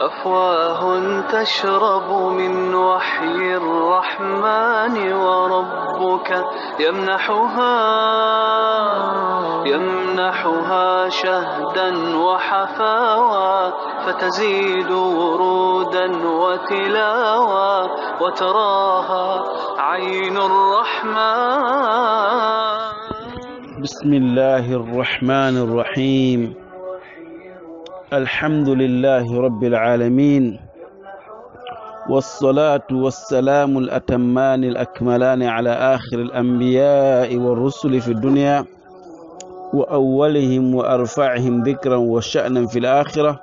أفواه تشرب من وحي الرحمن وربك يمنحها يمنحها شهدا وحفاوى فتزيد ورودا وتلاوى وتراها عين الرحمن بسم الله الرحمن الرحيم الحمد لله رب العالمين والصلاة والسلام الأتمان الأكملان على آخر الأنبياء والرسل في الدنيا وأولهم وأرفعهم ذكرا وشأنا في الآخرة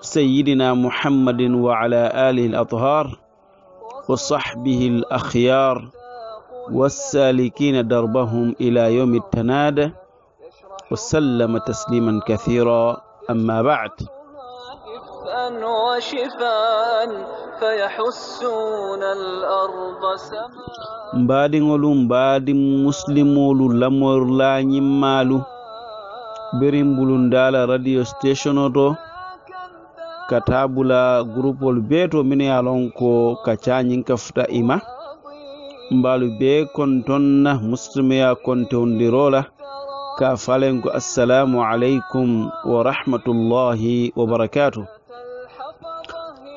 سيدنا محمد وعلى آله الأطهار وصحبه الأخيار والسالكين دربهم إلى يوم التناد وسلم تسليما كثيرا أما بعد mbaadiŋolu mbaadi muslimolu lamor laañimmaalu birimbulundala radio station o to ka taabula groupol bee to min ye lon ko ka cañin ka futa ima mbaalu bee kon ton na muslimeya kontewndirola ka falengo assalamu aleykum wa rahmatullahi wa barakatu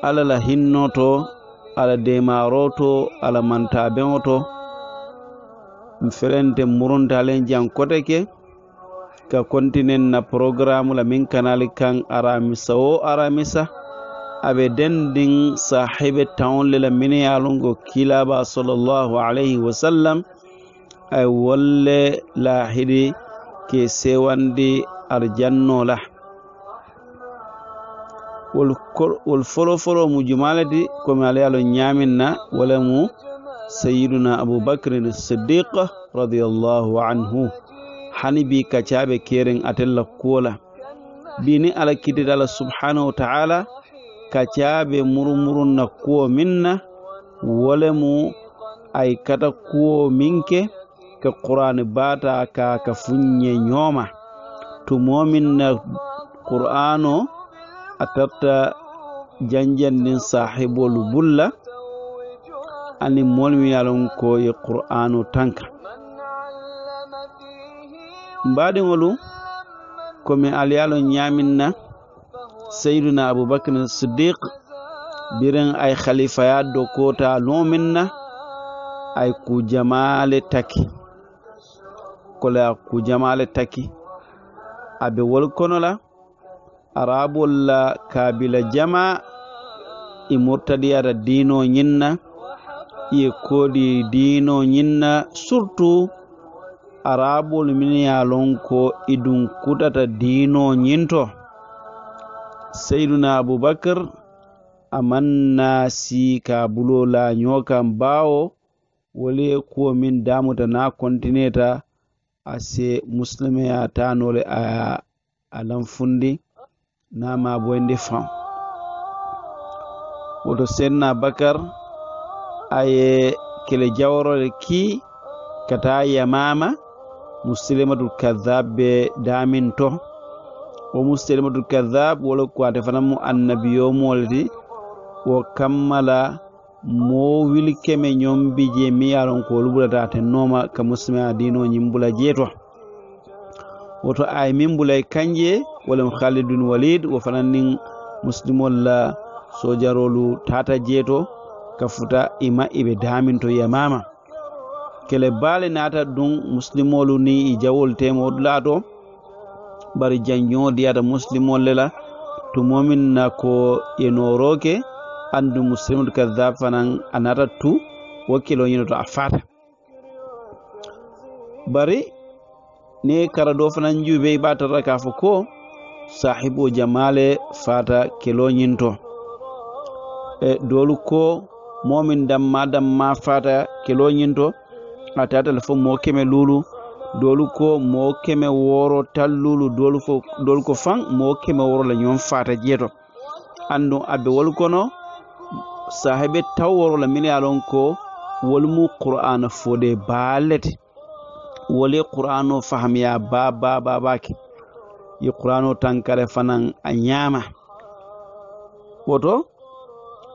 alala hinnoto ala demaroto ala mantabeoto felente murontalen jankoteke ka kontinen na programme la min kanal kan aramisa o aramisa aɓe dendin sahibe tawnle la mineyalungo kilaba sallllahu alayhi wa sallam ay wolle la hiɗi ke sewande ar jannola wol folofolo mu jumalade komi ala yaalo ñaminna wala mu sayiduna aboubacre siddiqa radiallahu anhu hani bi kacaɓe keren atella kuola bini ala kidide allah subhanahu wa taala kacaɓe murumurunna kuo minna wala mu ay kata kuo minke ke qur'ani bata ka ka funye nyoma to momin na qur'ano atatta janjandin sahibolu bulla ani molminalon ko ya qur'ano tanka mbaɗiŋolu komi aliyalo ñaminna seyduna Abubakar siddiq birin ay khalifaya do kota lomin na ay ku jamale taki kole a kujamale taki aɓe wolkonola araɓolla kabila jama e murtadiyata dino ñinna ye koodi dino ñinna surtout araɓol miniya lon ko idun kuɗata dino ñinto seyduna aboubacar a manna si ka bulo lañokam bawo wole kuwo min damuta na continueta ase muslimé a tanole a alanfundi nama boyndi e fan woto senna bakar aye kele jaworole ki kata yamama musilimatul kadab be damin to o musilimatul kadab wolo kuwate fanamu annabiyomolti wo kammala mo wili keme ñombi je mi yalon ko wolɓurata te nooma ka musime adino ñim mbula jeeto woto ay min mbulay kanje walam khalidun walid wo fananin muslimol sojarolu tata jeeto ka futa ima iɓe daminto yamama kele baale naata ɗum muslimolu ni i jawol temoɗu laato bari janjoo diyata muslimol lela tumomin na ko yenoroke andu muslimul kadab fanan a natat tu wakkilo yinoto a fata bari ne kara do fanan juɓe i ɓatata ka fo ko sahibo jamale fata kelo ñinto e dolu ko momin damma damma fata kelo ñinto a tatal fo mo keme lulu dolu ko mo keme woro tal lulu dolu ko dolu ko fan mo keme woro la ñon fata jeeto andu abbe wol kono sahibe tawwaro la min ye ko wolmu mu qur'ana fode balet wole qur'an o fahamiya ba ba ba ba ke ye qur'ano tankare fanan a woto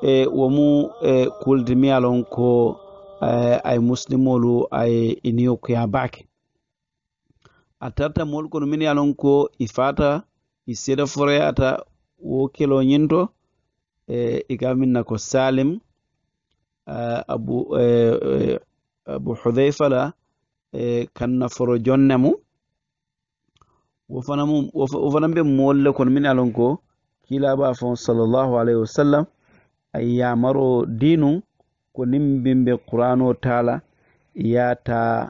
e womu e kuldi mi yalon ko e, ay muslimolu ay iniyo kuya baake a tarta moolu kono min ye ko i fata i wo kelo ñinto e ga ko salim abu e, e, abu hudhaifa la e, kanna foro jonne mu wo fana mum wo fana kono min alon ko kilaɓa fon sallllahu alayhi wa sallam a yamaro dinum ko nimbinɓe qur'an o taala yata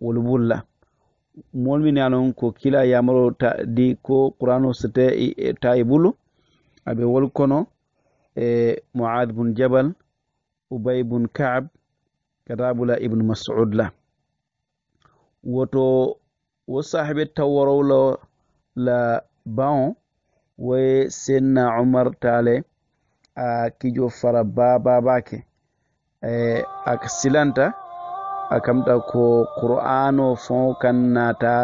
wolbulla mol min alon ko kila yamaro ta di ko qur'an o sete ta e bulu aɓe wol kono e moad bun jabal ubay bun kab katabula ibnu masud la woto wo sahabe tawworowlo la bao woye senna umar tale a kijo fara bababake e ak silanta a kamta ko qur'ano fon kan nata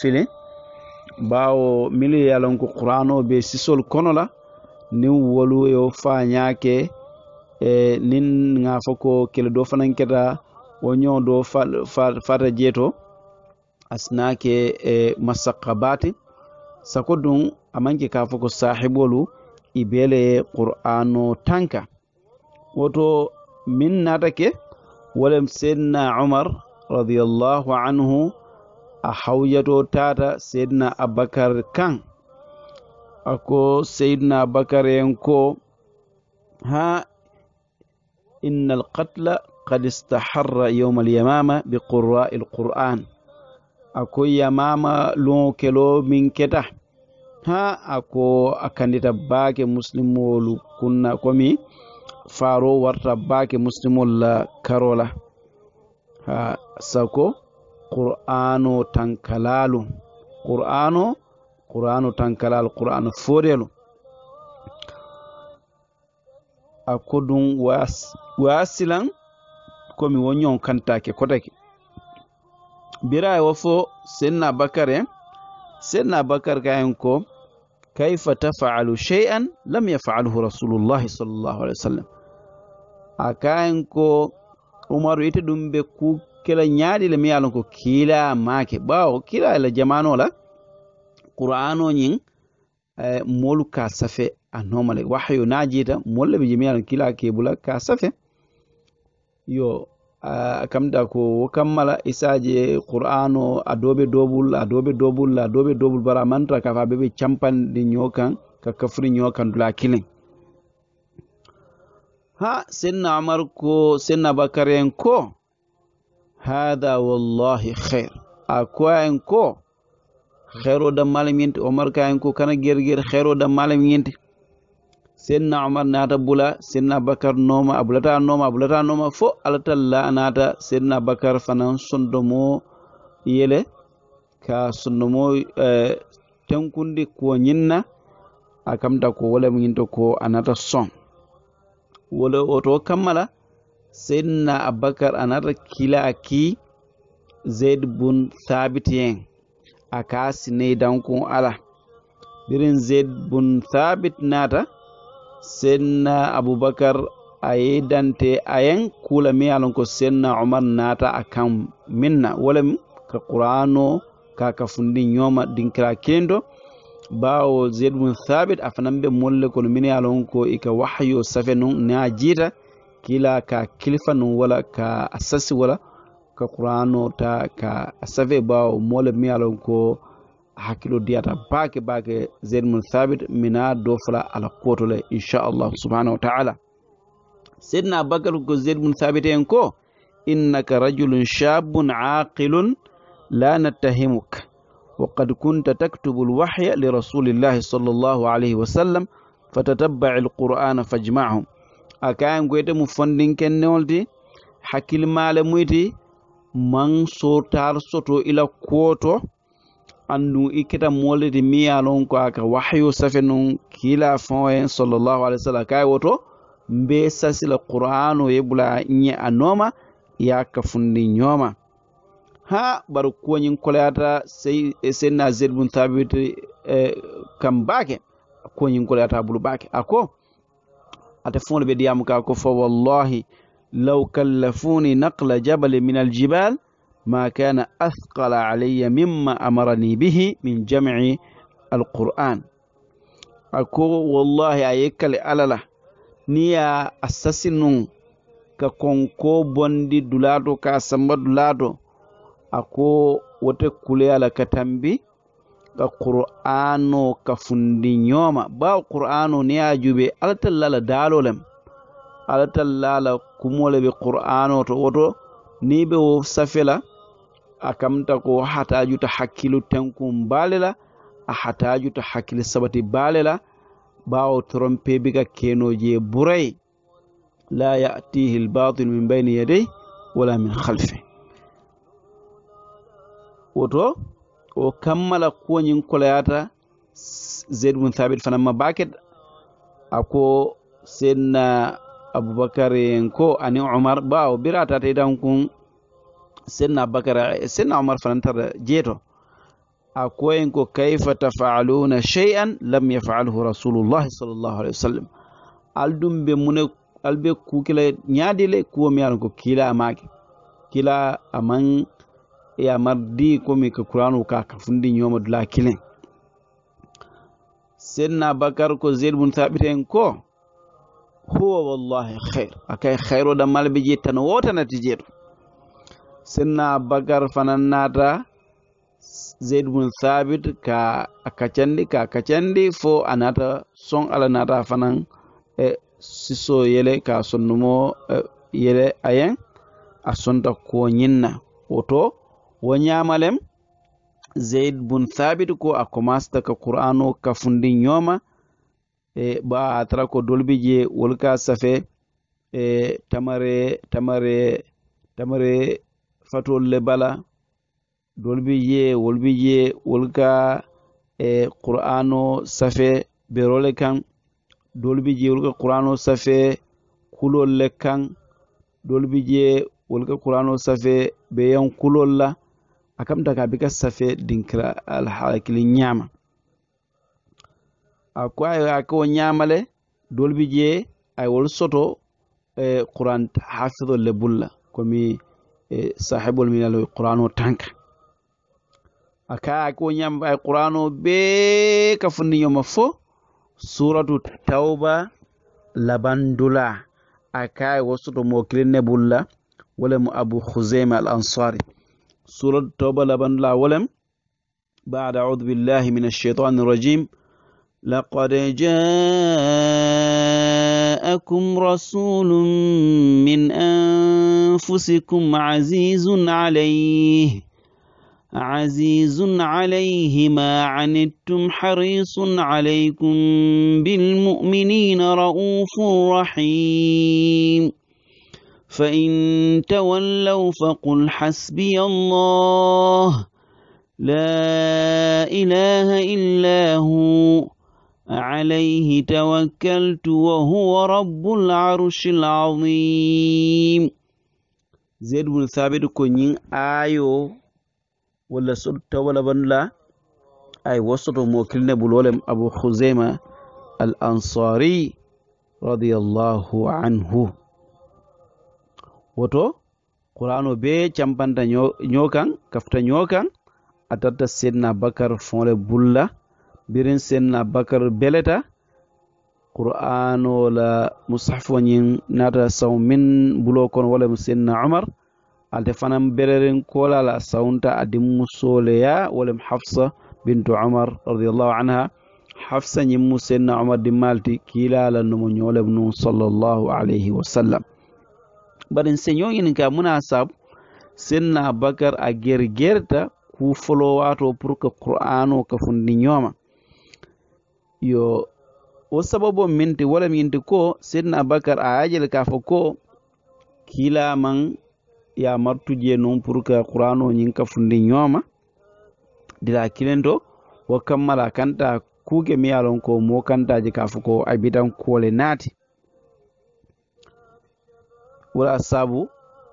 filin bawo mili yalonko qur'ano be sisol kono la nin wolu yo faa ñaake e nin ŋa fo ko kele do fanaŋ keta wo ñoo do farta jeeto asinaake e masakka baati sako dun a maŋke ka fo ko saahibolu i beele ye qur'ano tanka woto min naatake wolem seedina umar radiallahu anhu a hawjato taata seedina abakar kaŋ ako seydna bakar en ko ha inna alqatla kad istaharra yawma alyamama bi qurra'i alquran ako yamama luŋo kelo min keta ha ako a kandita baake muslimolu kunna komi faro warta baake muslimol la karo la ha sako qur'ano tankalalu qur'ano qur'anu tankalal qur'anu forelu ako ɗum wasilan komi wonyon kantake kotake bira e wo fo senna bakar en senna bakar ka ko kayfa tafaalu cheyan lam yafaalhu rasulullahi sallllahu alih w sallam a kayen ko umaru ite ɗum ɓe ku kela ñaaɗile mi yalon ko kiila maake ɓaawo kiila ela jamanola qur'ano ñin eh, moolu ka safe anomale wahyu najida molle na jiita be je kila ke bula ka safe yo ah, a kamta ko wo isaje qur'ano adobe dobul adobe dobul adobe dobul bara mantra ka fa a be be campandi ñoo ka kafri nyokan kaŋ dula kiliŋ ha senna amar ko senna bakaren ko hada wallahi khair akwa en ko xero da malaminti omar kayen ko kana gerger xero da malaminti sen na omar nata bula sen na bakar noma abulata noma abulata noma fo alata la nata sen na bakar fanan sondo mo yele ka sondo mo eh, tenkundi ko nyinna akamta ko wala minto ko anata son wala oto kamala sen na abakar anata kila aki zaid bun thabit yeng a ka sinay danku ala birin zed bun thabit nata senna abubakar a ye dante ayen kula mi alon senna umar nata a kan minna wolem ka qur'ano ka kafundi ñoma dinkira kendo bawo zed bun thabit a fanan be molle kono min alon ko ika wahyo safe nun na jita kila ka kilifa nun wala ka asasi wala ka qur'ano ta ka save bawo mole mi alon ko hakkilo diyata baake baake zeyd mun thabit mina do fala ala koto le inchallahu subhanahu wa taala sedna abakar ko zeyd mun thabit en ko innaka rajulun shabun aqilun la nattahimuk وقد كنت تكتب الوحي لرسول الله صلى الله عليه وسلم فتتبع القرآن فاجمعهم أكاين قويت مفندين كنولتي حكيل male muyti man soto ila koto andu iketa keta molede mi lon ko aka wahyo safe nun kila fawoyen sallallahu alaihi wasallam kay woto mbe sasila qur'anu ye bula nye a noma ya kafundi nyoma ha bar kuwoñin kolayata seydna zeyd bun thabit eh, kam baake kuwoñin kolayata bulu bake ako ate fonde ɓe diyamu ka ko fo wallahi لو كلفوني نقل جبل من الجبال ما كان أثقل علي مما أمرني به من جمع القرآن أكو والله أيكل ألالا نيا أساسنون ككونكو بوندي دولادو كاسمب دولادو أكو وتكولي على كتنبي ka كفندي ka باو nyoma نيا جوبي ألتلال دالو لم alatal laala kumole ɓe qur'ano to woto ni ɓe wo safela a kamta ko hataju ta hakkilu tenku mbalela a hataju ta hakkille sabati mbalela ɓawo trompe biga kenoje buray la yatihi lbatil min bayni yadey wala min halfe woto o kammala kuwañin koloyata zeid mum thabit fanamma baket ako senna uh, abubakar ko ani umar bawo birata ta idan kun sinna abubakar sinna umar farantar jeto akwai ko kaifa tafa'aluna shay'an lam yaf'alhu rasulullahi sallallahu alaihi wasallam aldum be mune albe ku kila nyaadile kuwo mi aran ko kila amake kila aman e mardi ko komi ka kuranu ka kafundi nyoma dula kilen sinna bakar ko zaid bun thabit en ko huwa wallahi khair akay khairu da malbe jettan wota natijeto sinna bakar fanan nata zaid bun thabit ka akacandi ka akacandi fo anata son ala nata fanan e siso yele ka sonnumo e yele ayen a sonta ko ñinna woto wo ñamalem zaid bun thabit ko a commenceta ka qur'ano kafundi ñooma e ba a tara ko dolbi je wolka safe e tamare tamare tamare fatol le bala dolbi je wolbi je wolka e qur'ano safe berole kan dolbi je wolka qur'ano safe kulol le kan dolbi je wolka qur'ano safe be yan kulol la akamta ka bika safe dinkira alhakili nyama al ako ay ako ñamale dolbi je ay wol soto e qur'an hafido le bulla komi e sahibul minal qur'an o tanka aka ako ñam ay qur'an o be ka funni yoma fo suratu tauba labandula aka ay wol soto mo kilin ne bulla wolem abu khuzaima al ansari suratu tauba labandula wolem بعد أعوذ بالله من الشيطان الرجيم لقد جاءكم رسول من أنفسكم عزيز عليه عزيز عليه ما عنتم حريص عليكم بالمؤمنين رؤوف رحيم فإن تولوا فقل حسبي الله لا إله إلا هو عليه توكلت وهو رب العرش العظيم زيد بن ثابت كونين آيو ولا سلطة ولا بنلا أي وسط موكلنا بالولم أبو خزيمة الأنصاري رضي الله عنه woto qur'ano be campanta ñokan kafta ñokan atatta sedna bakar fonle bulla birin sen abubakar beleta qur'an wala mushaf wañin nata saw min bulo kono wala senna umar alte fanan bereren kolala sawnta adim musoleya wala hafsa bintu umar radiallahu anha hafsa ñin mu senna umar di malti kilala nomo ñolem nu sallallahu alayhi wa sallam barin señoñin ka muna sab senna bakar a gergerta ku folowato pour que qur'an o kafundi ñooma yo wo sababo minti wala minti ko sidna abakar a yajel k'a fɔ ko kilaman ya je non pour que qur'ano nyin ka fundi nyoma dila kilendo wa kammala kanta kuge mi yalon ko mo kanta je k'a fɔ ko abidan kole nati wala sabu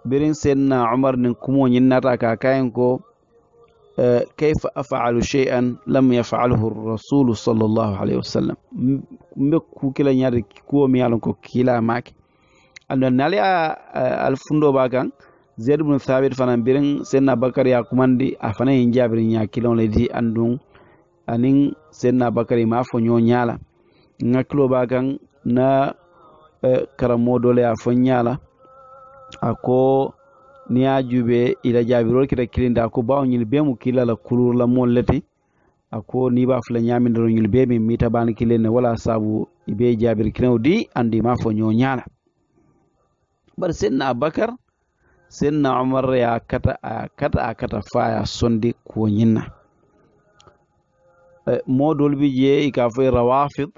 birin sidna umar nin kumo nyin nata ka kayan ko كيف أفعل شيئا لم يفعله الرسول صلى الله عليه وسلم مكو كلا نياري كو ميالون كو كلا ماك أنا نالي الفندو باكان زيد بن ثابت فنان بيرن سيدنا بكر يا كوماندي أفنا ينجابر يا كيلون لدي أندون أنين سيدنا بكر ما نيو نيالا نكلو باكان نا كرمو دولي أفن نيالا أكو ni ya a juube ila jaabirol kita kilinde a ko bawo ñil mu kila la kurur la moolu le ti a ko ni be fula ñaamindoro ñil bee min miita baani kilin ne wala saabu i be jaabiri kiliŋo andi ma fo ñoo bari senna abakar senna umar ye kata a kata a kata fa ye sondi kuwo ñiŋ na eh, moo doolu bi jee i ka fo i rawafid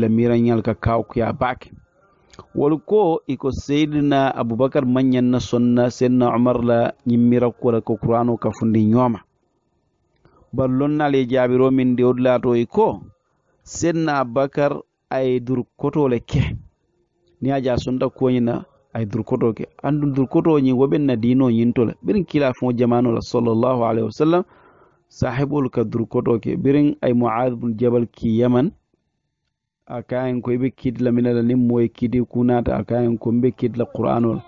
la miirañal ka kaaw kuya baake wal ko i ko seyidina abubakar man ɲanna sonna seyidina umar la ɲimmira ko la ko kurano kafundi fundi ɲoma bari lonnale jaabiro min de o dulato i e ko seyidina abubakar a ye durukoto le ke ni a ja sonta kuwoɲina a ye durukoto ke andu durukoto ɲin wo ben na dino ɲinto la birin kila fo jamano la sallallahu alaihi wasallam sahibolu ka durukoto ke birin ay muad bun jabal ki yaman a kayen ko ibe kidla minala nin moye kidi kunata a kayen ko mbe kidla qur'anol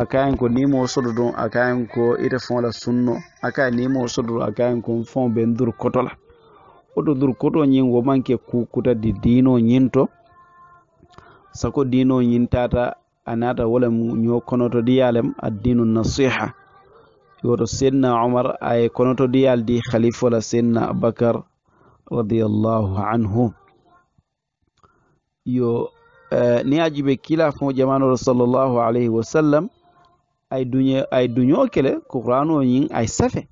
a kayen ko nimo sodo don a kayen ko ite fon la sunno a kaye nimo sodo a kayen ko fon be dur koto la oto dur koto ñin wo manke kukuta di dino ñinto sako dino ñintata a nata wolem ño konoto diyalem addinu nasiha yoto senna omar aye konoto diyal di khalifa la senna abakar radiallahu anhu yo uh, ni ajibe fo jamanoro sallllahu alayhi wa sallam ay duñe ay duño kele ko qur'ano yin ay safe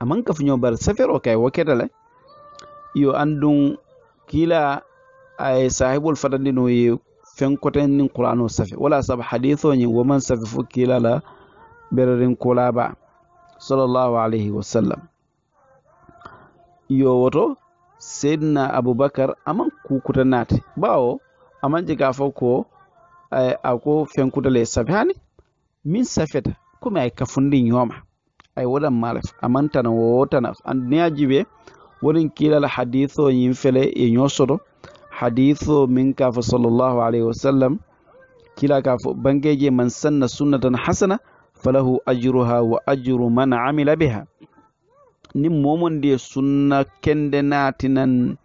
aman ka fuño bar safero kay wokete le yo andun kila ay sahibul no ye fen koten nin qur'ano safe wala sab haditho yin woman safe fo kila la bererin kulaba sallallahu alayhi wa sallam yo woto seydina aboubacar aman kukuta naate bawo a man k'a ko eh, a ko fɛn ko dɔ la min safeta komi a ye kafuni di ɲɔgɔn ma a ye malaf a man tana o tana ni y'a jibe kila la yin fele e ɲɔ sɔrɔ haditho min k'a fɔ sallallahu alaihi wasallam kila k'a fɔ bangeje man sanna sunnatan hasana falahu ajruha wa ajru man amila biha ni momon de sunna kende natinan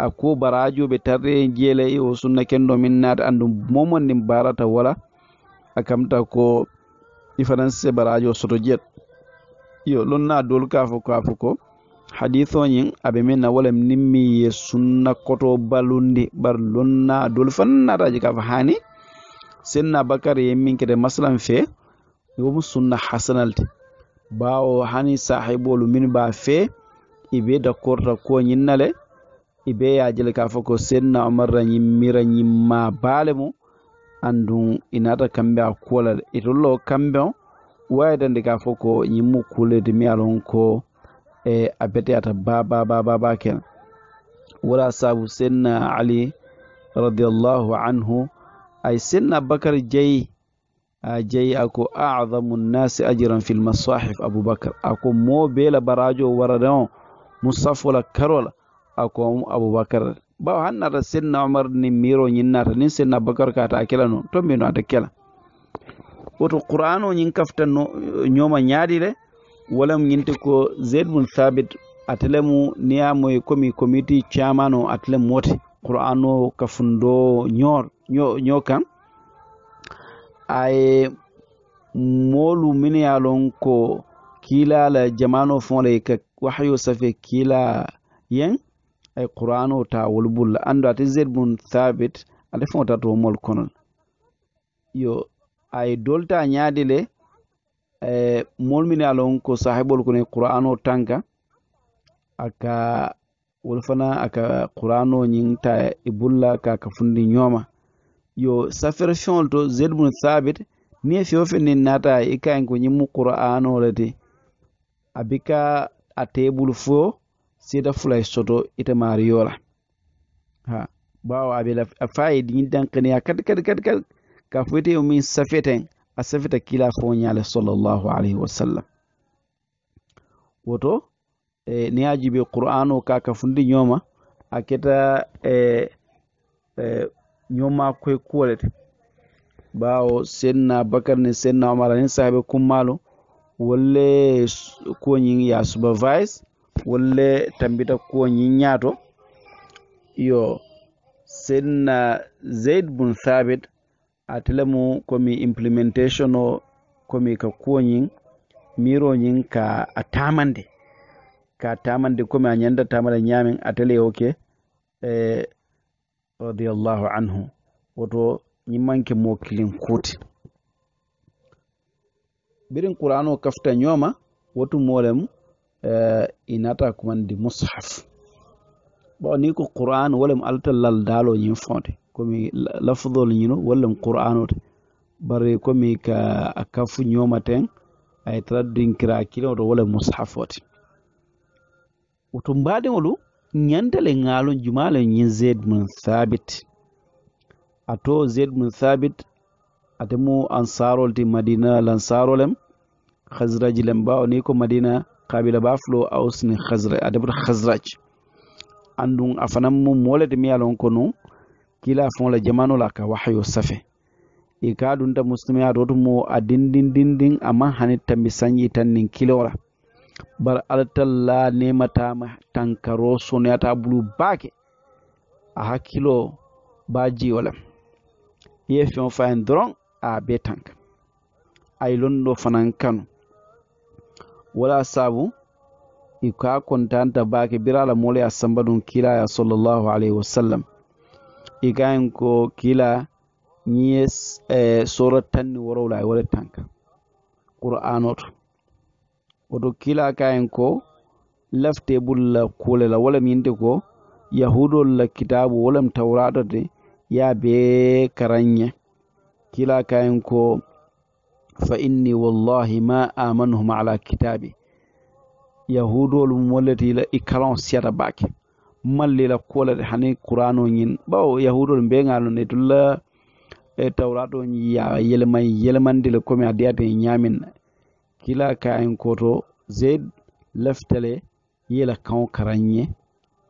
akko ba radio ɓe tarde en jeelayi o sunna kendo min naade anndum momon ndin barata wala a kamta ko ifanance ba radio soto jeet yo lon na dol kafo kafo ko hadith o ñin aɓe min na walam nimmi ye sunna koto balunde bar lon na dol fan nataji kafo hani senna bakar yemmin kede maslam fe womu sunna hasanalte bawo hani sahibolu min ba fe ibe dakkorta ko ñinnale i be ye jele k'a fɔ ko senna umar ra ɲimmira ɲimma baale mu andun i nata kambe a kuwo la itollo kambeŋ wayidande k'a fɔ ko ɲimmu kuledi mi a lon ko e, a beteyata bababababa kena wala sabu senna ali radiallahu anhu ay senna bakar jeyi a jeyi ako azamu nnasi ajiran fi lmasahif abubakar ako moo bee la barajo warade o musafola karola akom abubakar ba hannata senna omar ni miro ñinnata nin senna abubakar kata a kela no to mbino ata kela woto qur'an o ñin kafta ñoma ñaadire walam ñinte ko zaid bun thabit atelemu niyamoy e komi komiti chairman o atelem wote kafundo ñor ño kan aye moolu min ko kiila la jamano fon la ka wahayo safe kila yen ay qur'an o ta wol bulla ando ate zed mun thabit ale fon ta to mol kono yo ay dolta ñaadi le e min alon ko sahibol kono qur'an o tanka aka wol fana aka qur'an o ñin ta e bulla ka ka fundi nyoma yo safer feŋol to zed mun thabit ni e fewo fe nin naata i e ko nyimu qur'an o le ti a bi ka fo seda fulay soto ite mariyo la ha bawo abe la fayi din dan kaniya kad kad kad kad ka fuite min safeten a safeta kila ko nyaale sallallahu alaihi wasallam woto e ni aji be qur'ano ka ka fundi nyoma aketa e e nyoma koy kuwalete bawo senna bakar ni senna umar ni sahabe kummalo wolle ko nyin ya supervise wolle tambita kuwoñin ñaato yo seydna zeid bun thabit atele mu komi implementation o komi ka kuwoñin miroñin ka a tamande ka tamande komi a ñanda tamada ñamin atele yo ke eh, radiallahu anhu woto ñimmanke mo kilin kuuti birin qur'an o kafta ñooma wotu molemu Eh, inata kumandi mushaf bon ni ko qur'an walem altalal daalo ñin fonte komi lafdol ñino wallem qur'anote bari komi ka a kafu ñomaten ay tara dinkira kilin oto wala mushafote utum baɗin olu ñantale ŋalon jumalen ñin zaid mun thabit ato zaid mun thabit atemu ansarol ti madina lansarolem khazrajilem ba oni ko madina kabila ba fulo aus ni khazra adabur khazraj andun afanan mu molade mi yalon kono kila faŋo la jamano la ka wahyo safe i ka dunta ta muslimi a mo a dindin dindin amma hani tambi sanyi tan nin kilora bar altalla nemata ma tankaro soniyata bulu baake a hakkilo ba jiwolam ye fen fayan doron a be tanka ay londo fanan kanu wala sabu ika kontanta baki birala mole a sambadun kila ya sallallahu alaihi wasallam igayin ko kila eh sura tanni worowla e wala tanka qur'anot woto kila kayan ko lafte la kule la wala minte ko yahudol la kitabu wala tawrato de ya be karanya kila kayan ko fa inni wallahi ma آمنهم ala كتابي yahudol molleti la ikaran siyata bake malli la kolade hani qur'ano ñin bawo yahudolu mbeŋalo ne tulla e tawrato ya yelman yelmandi le komi adiyate ñamin kila kayen koto zaid leftele yela kaŋo karan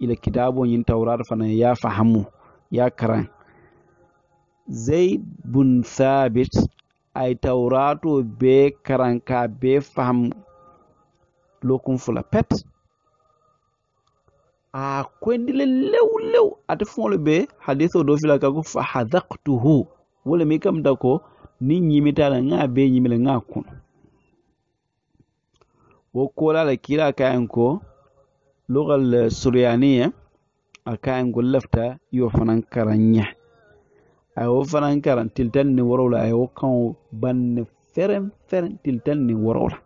ila kitabo ñin tawrato fana ya fahamu ya karan zaid bun thabit a ye tawurato be karanka be faham lokun fula pet, a kwendile lew lew ati fõole be haditho do fila kaku fa hadaktuhu wala mi kam da ko ni ñimitala nga be ñimile nga kunu wo la kila kayen ko lugal suryaniya a kayen go lafta yo fanan karan a y'o fana kalan tile tan ni wɔɔrɔw la a y'o kan o banni fɛrɛn fɛrɛn tile tan ni wɔɔrɔw la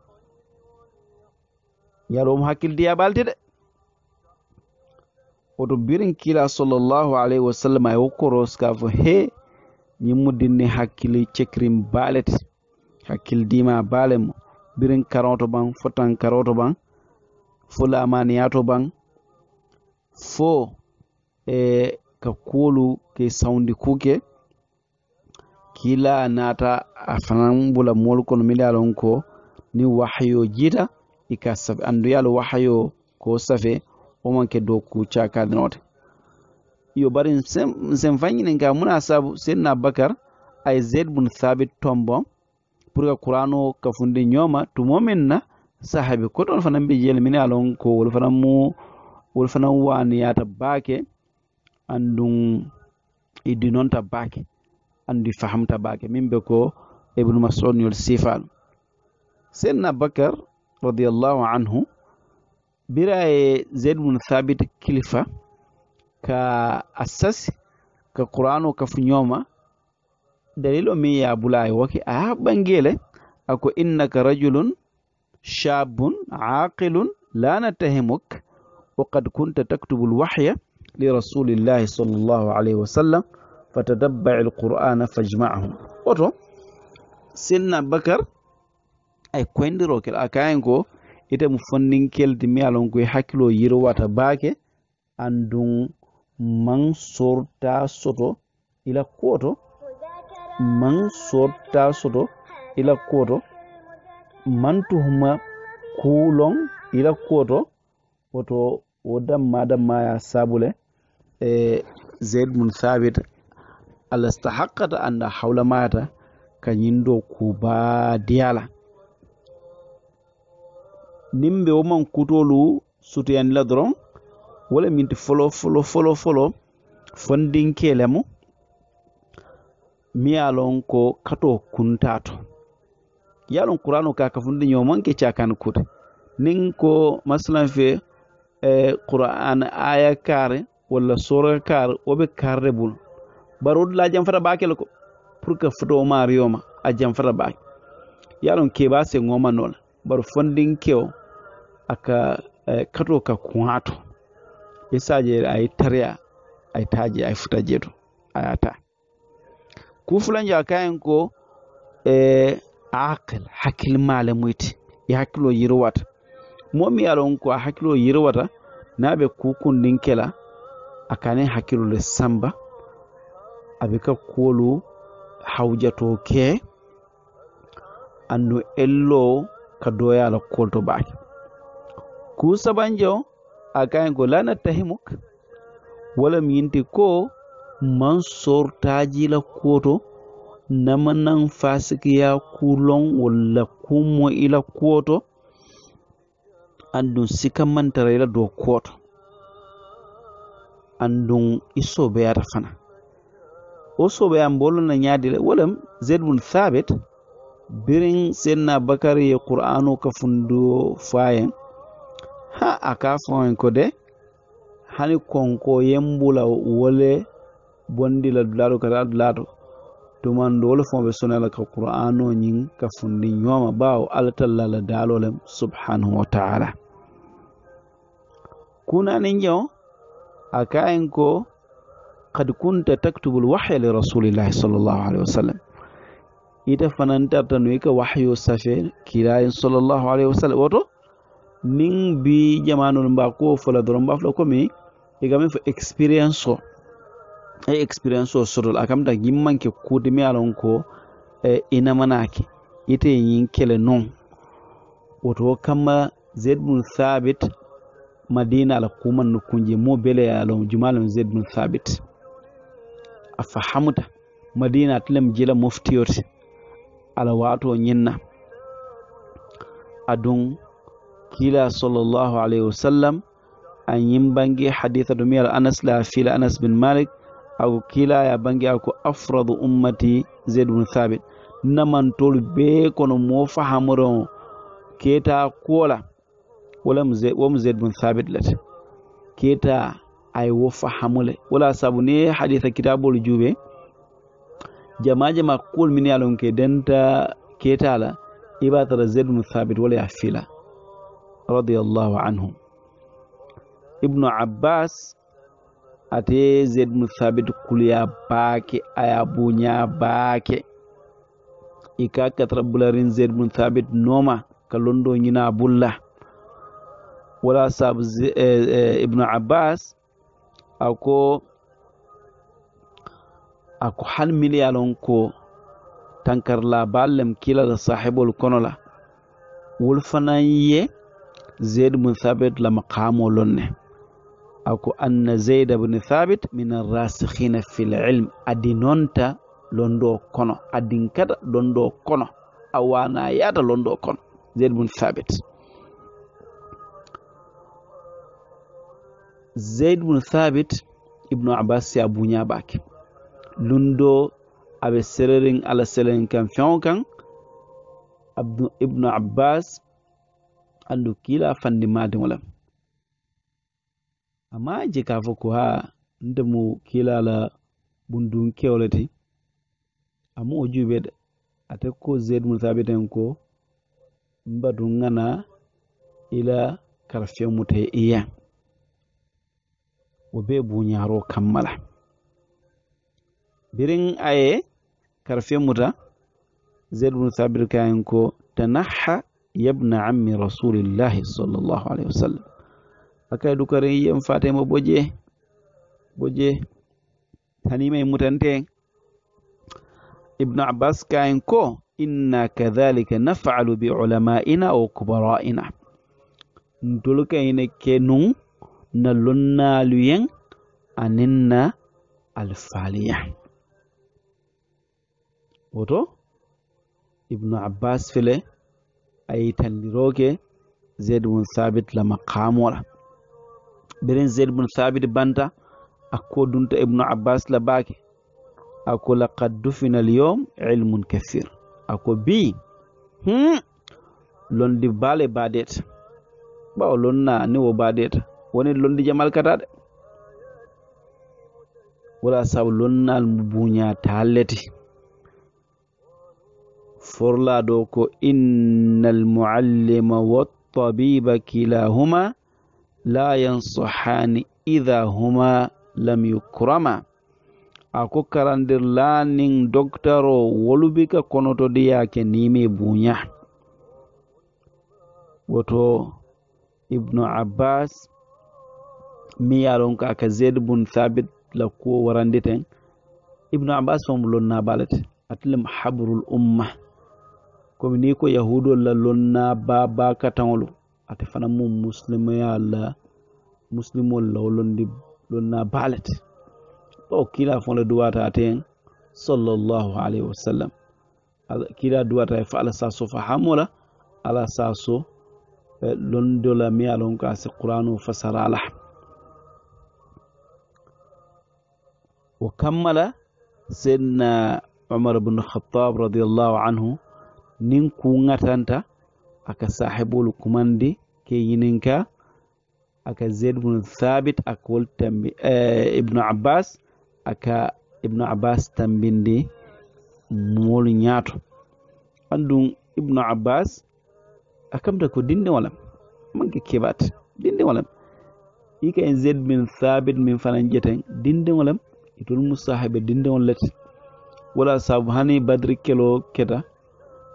yalo mu um hakkildiya balti de woto birin kila sallallahu alaihi a ay wokkoro ska fo he ñimmudinni balet cekrim di ma baale mo birin karoto ban fotan karoto ban fo lamaniyato ban fo e ka kuolu ke sawndi kuke hila nata a fanan bula moolu kono mili ye ko ni wahayo jita i ka safe andu ye lo wahayo ko safe wo man ke do kuca kadinote yo bari nsen fa ñinin ka muna sabu seydina bakar ay zed bun thabit tombo pour que qur'ano kafunde ñooma tumo min na sahabi kotol fanan be jeel min ye lon ko wol fanan mu wol fanan waniyata baake andun i dinonta baake andi fahamta baake min ɓe ko ibnu masud yol sifano seydna bakar radiallahu anhu biraye e zeyd thabit kilifa ka assasi ka qur'anu kafu ñooma dalil o ya yabulayi woke a ɓangele ako innaka rajulun shabun aqilun la natahimuk wa qad kunta taktubu lwahya li rasulillahi sallallahu alayhi wa sallam fatadabba alqur'ana fajma'ahum woto senna bakar ay koyndirokel a kayen ko ite mo fonninkeldi mi alon koye hakkilo yirwata baake andun man sorta soto ila koto man sorta soto ila koto man kulon ila koto woto wo damma dammaya sabule e zeyd mun sabit alastahaqata anda hawla mata kañin do kuba diyala nin be wo man kutolu sutuyani la doron wala minti folo folo folo folo fondinke lemu mi ye lon ko kato kuntato ye lon qur'anu ka kafundi ñoman ke cakani kuta nin ko masalan fe eh, qur'an aya kare walla sora kare wo be karre bulu barodula janfata bakel lako pour que foto ma riyoma a janfata bake ke ba se ngoma non bar funding kewo aka eh, kato ka isa je ayi tarya ay taji ay futa jeto ayata ku fulanjo a kayen ko e aqil hakil hakkilmale muiti ya hakilo yirwata momi ya don ko hakilo yirwata nabe kukun ninkela akane hakilo le samba a bɛ kɛ kuwolu hawjatokɛ andu ello ka doya la kolto baake ku sabanjo a kayen ko lana tahimuk wala mi ko man sortaji la kuwoto namanan fasikiya kulon wala kumo ila kuwoto andun sika mantara ila do kuwoto andun iso beyata fana o soɓoya bolona ñadile walam zaid bun thabit birin senna bakar ye qur'anu ka funduwo fayen ha a ka fawen ko de hani konko yembula wole bondi bondila dulaɗo kata dulaɗo tumando wole fon ɓe sonala ka qur'ano ñin kafundi ñooma bawo allah talla la dalolem subhanahu wa taala kunani jewo a kayen ko qad kunta taktubu lwahya li rasulillahi sallallahu alaihi wasallam ita fanantarta no ka wahyo safe kirayen sallallahu alaihi wasallam woto nin bi jamanol mba ko fola doron mbafla komi e fo expérience o e expérience o sotol akamta yimmanke kuude alon ko e inamanake ite yin kele non woto kamma zaid bun thabit madina ala kuman no mo bele alon jumalon zaid bun thabit afa hamuta madina tilem jila moftiyorti ala wato ñinna adun kila sallallahu alayhi wa sallam a yimbangi haditha ɗumi al anas la fila anas bin malik aku kila ya bangi aku afradu ummati zaid bnu thabit namantolu be kono mo fahamore keta kola wala wo mo zaid bnu thabit keta a ye wo fahamu wala sabu ni ye haditha kitabolu juube jama jama kuol minnu ye denta ketala la i b'a tara zaid bnu thabit wala ye fila radiallahu anhum ibnu abbas ate zaid bnu thabit kuluya baake a ye baake i ka bularin zaid bnu thabit noma ka londo ñina bulla wala sabu eh, eh, ibnu abbas a ko a ko hali mili ye lon ko tankarila b'a lem kila la sahibol kono la wolu fanaŋ ye zeid bun thabit la makamo lon ne a ko anna zeida bun thabit min arrasikhina fi lilm adinonta londo kono adinkata londo kono a yata londo kono zeid bun thabit zaid bin thabit ibnu abbas ya bunya baki lundo abe sererin allah selen kan fewo kan ibnu abbas andu kila fandi wala amma je ka fo ha ndemu kila la bundun kewle ti amma o a ate ko zaid bin thabit en ko mbadu ngana ila karfe karfeŋ mute iyan o bee buunyaaroo kamma la birin aye karfe muta zaid bnu thabir kayen ko tanaha yabna ammi rasulillahi sallllahu alayhi wa sallam akay dukarin yiyen fatema boje boje hanima e mutanteen ibnu abbas kayen ko inna kadhalika nafalu bi ulama'ina wa kubara'ina ntolu kayne ke nun na lonnaaluyen anin na alfaliya woto ibnu abbas file a yitandiroke zaid bun sabit lama kamola birin zed bun sabit banta ko dunta ibnu abbas la baake ako lakad dufina alyawm ilmun kathir ako bi hmm londi bale badeta bawo lonna ni wo badeta woni londi jamal kata de wala sabu lonnal buña buuña forla do ko inna almuallima wattabiba kilahuma la yansahani ida huma lam yukrama ako karandir lanin docteur o wolubika kono diyake nimi buña woto ibnu abbas mi yalon kaka zeyd bun thabit lakkuwo waranditen ibnu abbas fomo lonna balate atilem habrul umma komi ni ko yahudol la lonna baba katanolu ate fana mum muslimayalla muslimol law londi lonna balate o kila fon le duwata aten sallllahu alayhi wasallam kila duwata fo ala sa so fa hamola ala sa so eh, londola miyalon ka si qouranu fasara alaha وكمل سيدنا عمر بن الخطاب رضي الله عنه ننكو نتانتا أكا صاحبو لكماندي كي يننكا أكا زيد بن ثابت أكول تنبي اه ابن عباس أكا ابن عباس تنبندي مول نياتو أندون ابن عباس أكمتا كو دين ولم manke keɓat dindiŋolam i ka en zed min thabit min fanan jeten dindiŋolam musahibe dinde on let wala sabu hani badiri kelo keda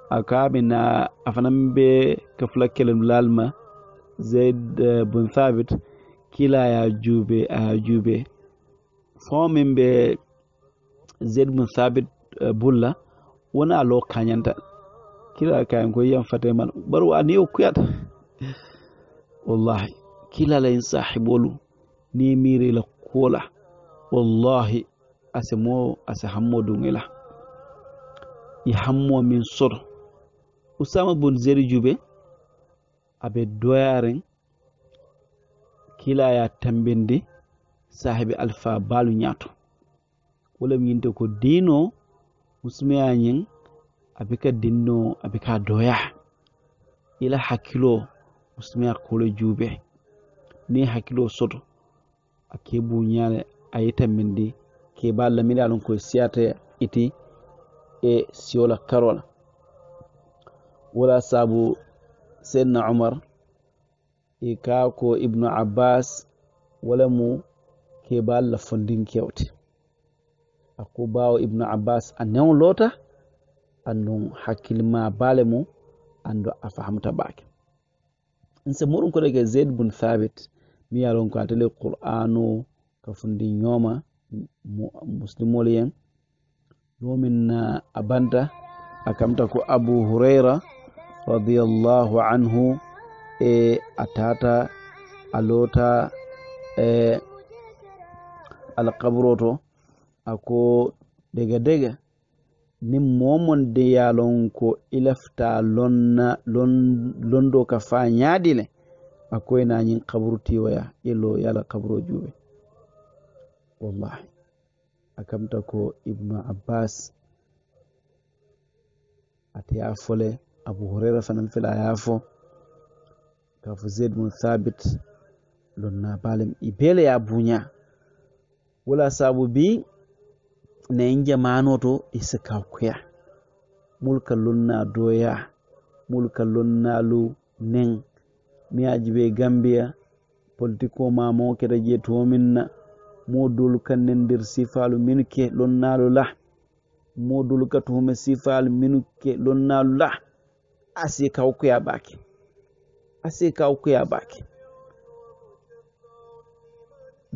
a kaabi na a fanaŋ be kafula zaid eh, bun thabit kila ya jube a ye juube zaid bun thabit eh, bulla wona lo kanyanta kañanta kila kayan ko yam fata man bar wa ne wallahi kila la insahibolu ni mire la kola wallahi ase mo ase hammodu ngela i hammo min soto usama bun zeri juɓe aɓe doyaren kilaya tambinde sahibi alpha balu ñato wolem yinte ko dino usmeyañen aɓe ka dinno aɓe ka doya ila hakkilo usmeya kolo juɓe ni hakkilo soto a kebu ñale a ayita mindi ke ba lamini alun ko ta iti e siyola karol wala sabu sayyidina umar e ko ibnu abbas wala mu ke ba alla fondin kewte ako bawo ibnu abbas a newo loota ma hakkilma baale mum ando a fahimta baake n se muɗum ko ɗege zaid bun thabit mi yalon ko atele qur'anu ka fundi ñooma muslimol yen yomin na abanta akamta ko abu huraira radiyallahu anhu e atata alota e alkabro to ako dega dega ni momon de yalon ko ilafta lonna londo ka fa ñaadile akoye nañin kaburu tiwaya ilo yala kabro jube wallahi akamta ko ibnu abbas ate ya fole abu huraira fanan fila ya fo kafu zaid bin thabit lonna balim ibele ya bunya wala sabu bi na inge manoto isa kakuya mulka lunna doya mulka lunna lu nin mi ajibe gambia politiko ma mo keda je min na modul kanne nder sifalu minuke lonnalu la modul katuhume sifalu minuke lonnalu la asi kawkuya bake asi kawkuya bake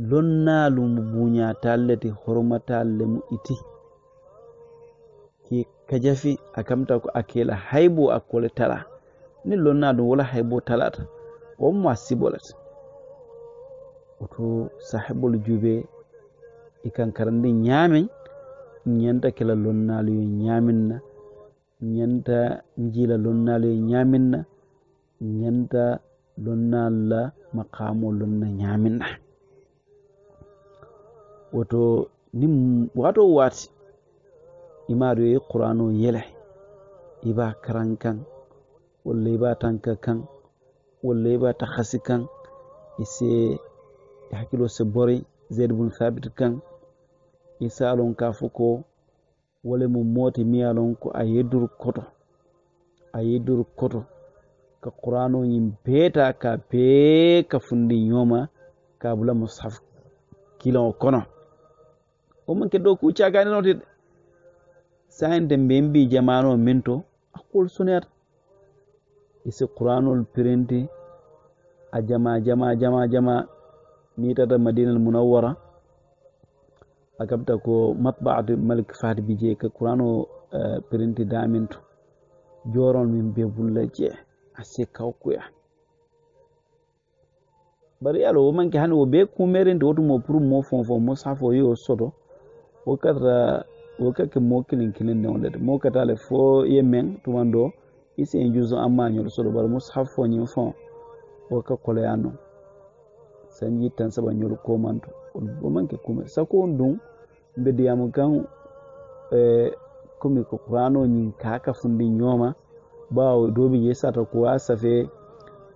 lonnalu mu buña tallete hormatalle mu iti ki kajafi akamta ko akela haybo akole tala ni lonnalu wala haybo talata omma sibolata oto sahibol juube e kankara ndi ñaamen ñanta kila lonnaalo yo ñaaminna ñanta njiila lonnaalo yo ñaaminna ñanta lonnaalla maqamo lonna ñaaminna wato ni wato wati imaɗo yi qur'an yele iba karankan kan walla iba tanka kan walla iba tahasi kan ise e hakkilo se bori zedbul sabit kan e salon ka fo ko wole mum moote miyalon ko a yedduru koto a yedduru koto ka quranoñin beeta ka bee ka fundi ñooma ka bula mushaf kilao kono o man ke dow kuccagani note de sahinde mbin mbi jamano min to akkol sunata e si quranol printe a jama jama jama jama ni tata madinal munawwara akamta ko matbaatu malik fati bi je ka qur'ano eh, printi daminto joron min be bulla je ase kawkuya bari alo wo manke hani wo be kumerinde wotumo pour mo fonfon mo safo yo soto wo katata wo kake mo kilin kilin ne wonde mo katale fo yemen tumando isi en juzo amma nyol soto mo safo nyin fon wo ka kole anon san tan saba nyol komanto on bomanke kume sako on dum mbede yamu kan eh, kumi ko qur'ano nyin kaka fundi nyoma bawo dobi je sata ko asafe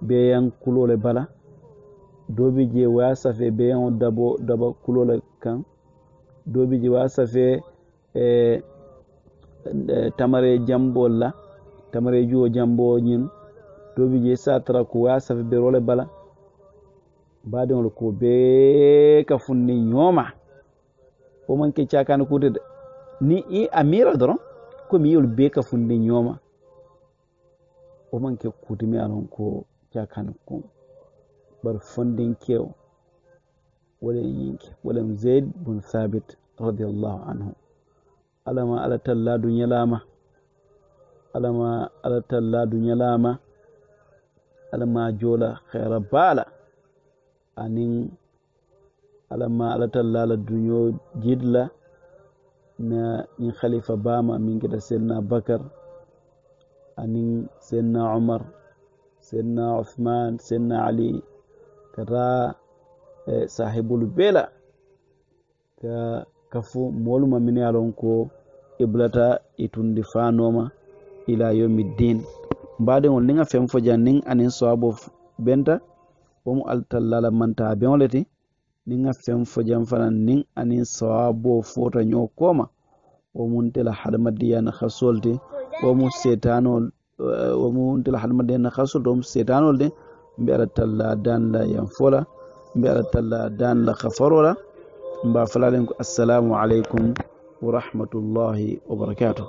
be yan kulole bala dobi je wa safe be yan dabo daba kulole kan dobi je wa safe eh, eh, tamare jambo la tamare juo jambo nyin dobi je satara ko asafe be role bala mbaadiŋol ko bee ka funni ñooma fo maŋ ke caakaani kuuta de niŋ i a miira doroŋ komi iyolu bee ka funni ñooma wo maŋ ke kuutumi a loŋ ko caakaani kuŋ bari fondinkeo wo le ñiŋke wo lem zeyid bun sabit radiallahu anhu allama alla tallaadu ñalaama allama alla tallaadu ñalaama alla maa joola xeera baa la aniŋ ala ma ala talla ala duño jidla na ñiŋ khalifa bama min kita senna bakar aniŋ senna omar senna othman senna ali kata eh, sahibulu bela ka kafu moolu ma min ye lon ko iblata itundi fanoma ila yomi din mbadiŋol niŋa fen fo jan niŋ aniŋ sowabo benta komu altallala manta beŋo le ti niŋ ŋa feŋ fo jaŋ fanaŋ niŋ aniŋ sawaboo foota ñoo kooma wo mun te la hadamadiya nahasol mu setanol o mu te la hadamadiya nahasol ti setanol de mbe talla dan la yam fola mbe talla dan la khafarola la mba falalen ko assalamu aleykum ورحمة الله وبركاته